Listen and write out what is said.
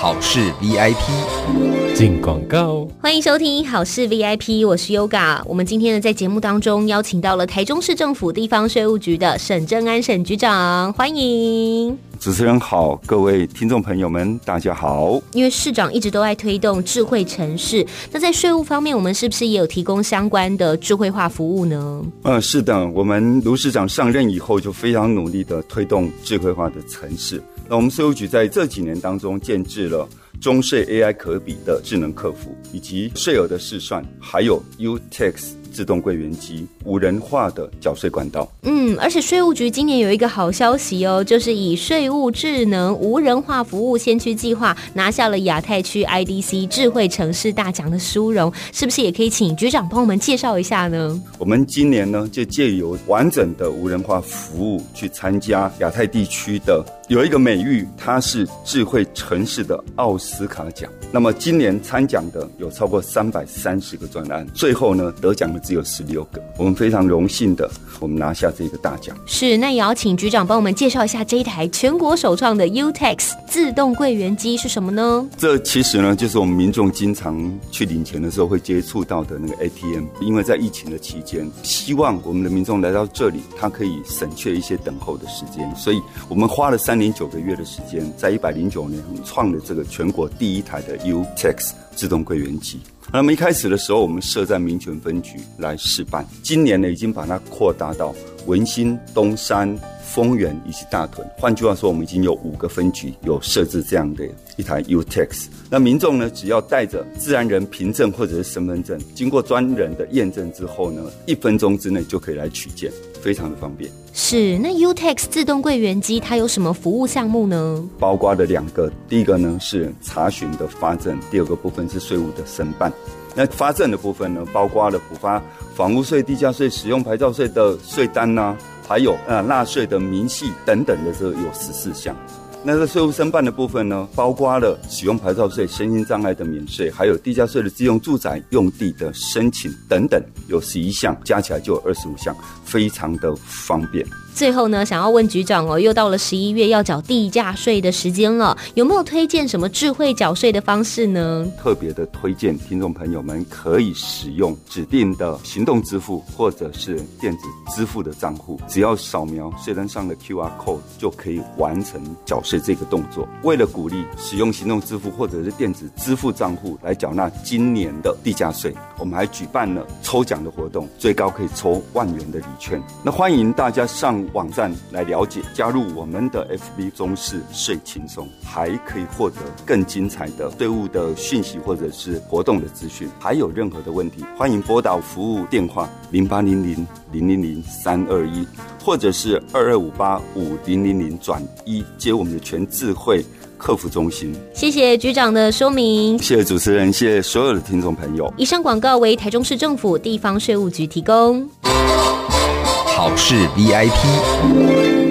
好事 VIP 進廣告，歡迎收聽好事 VIP，我是 Yoga。我們今天呢，在節目當中邀請到了台中市政府地方稅務局的沈正安沈局長，歡迎。主持人好，各位聽眾朋友們，大家好。因為市長一直都愛推動智慧城市，那在稅務方面，我們是不是也有提供相關的智慧化服務呢？嗯、呃，是的，我們盧市長上任以後，就非常努力的推動智慧化的城市。那我們稅務局在這幾年當中，建置了中稅 AI 可比的智能客服，以及稅額的試算，還有 UTax 自動櫃員機，無人化的繳稅管道。嗯，而且稅務局今年有一個好消息哦，就是以稅務智能無人化服務先驅計劃，拿下了亞太區 IDC 智慧城市大獎的殊榮。是不是也可以請局長幫我們介紹一下呢？我們今年呢，就借由完整的無人化服務去參加亞太地區的。有一個美譽，它是智慧城市的奧斯卡獎。那麼今年參獎的有超過三百三十個專案，最後呢，得獎的只有十六個。我們非常榮幸的，我們拿下這個大獎。是，那也要請局長幫我們介紹一下這一台全國首創的 UTax 自動櫃員機是什麼呢？這其實呢，就是我們民眾經常去領錢的時候會接觸到的那個 ATM。因為在疫情的期間，希望我們的民眾來到這裡，他可以省卻一些等候的時間，所以我們花了三。零九個月的時間，在一百零九年創了這個全國第一台的 UTax 自動櫃員機。那麼一開始的時候，我們設在民權分局來試辦，今年呢已經把它擴大到文心、東山。豐原以及大屯，換句話說我們已經有五個分局有設置這樣的一台 UTax。那民眾呢，只要帶着自然人憑證或者是身份證，經過專人的驗證之後呢，一分鐘之內就可以來取件，非常的方便。是，那 UTax 自動櫃員機它有什麼服務項目呢？包括了兩個，第一個呢是查詢的發證，第二個部分是稅務的申辦。那發證的部分呢，包括了補發房屋稅、地價稅、使用牌照稅的稅單呢、啊。還有啊，納稅的明細等等的，這有十四項。那在稅務申辦的部分呢，包括了使用牌照稅、身心障礙的免稅，還有地價稅的自用住宅用地的申請等等，有十一項，加起來就有二十五項，非常的方便。最後呢，想要問局長哦，又到了十一月要繳地價稅的時間了，有沒有推薦什麼智慧繳稅的方式呢？特別的推薦聽眾朋友們可以使用指定的行動支付或者是電子支付的賬戶，只要掃描稅單上的 QR code 就可以完成繳稅。是這個動作。為了鼓勵使用行動支付或者是電子支付賬戶來繳納今年的地價稅，我們還舉辦了抽獎的活動，最高可以抽萬元的禮券。那歡迎大家上網站來了解，加入我們的 FB 中市稅輕鬆，還可以獲得更精彩的稅務的訊息或者是活動的資訊。還有任何的問題，歡迎撥打服務電話零八零零零零零三二一。或者是二二五八五零零零轉一，接我們的全智慧客服中心。謝謝局長的說明。謝謝主持人，謝謝所有的聽眾朋友。以上廣告為台中市政府地方稅務局提供。好事 VIP。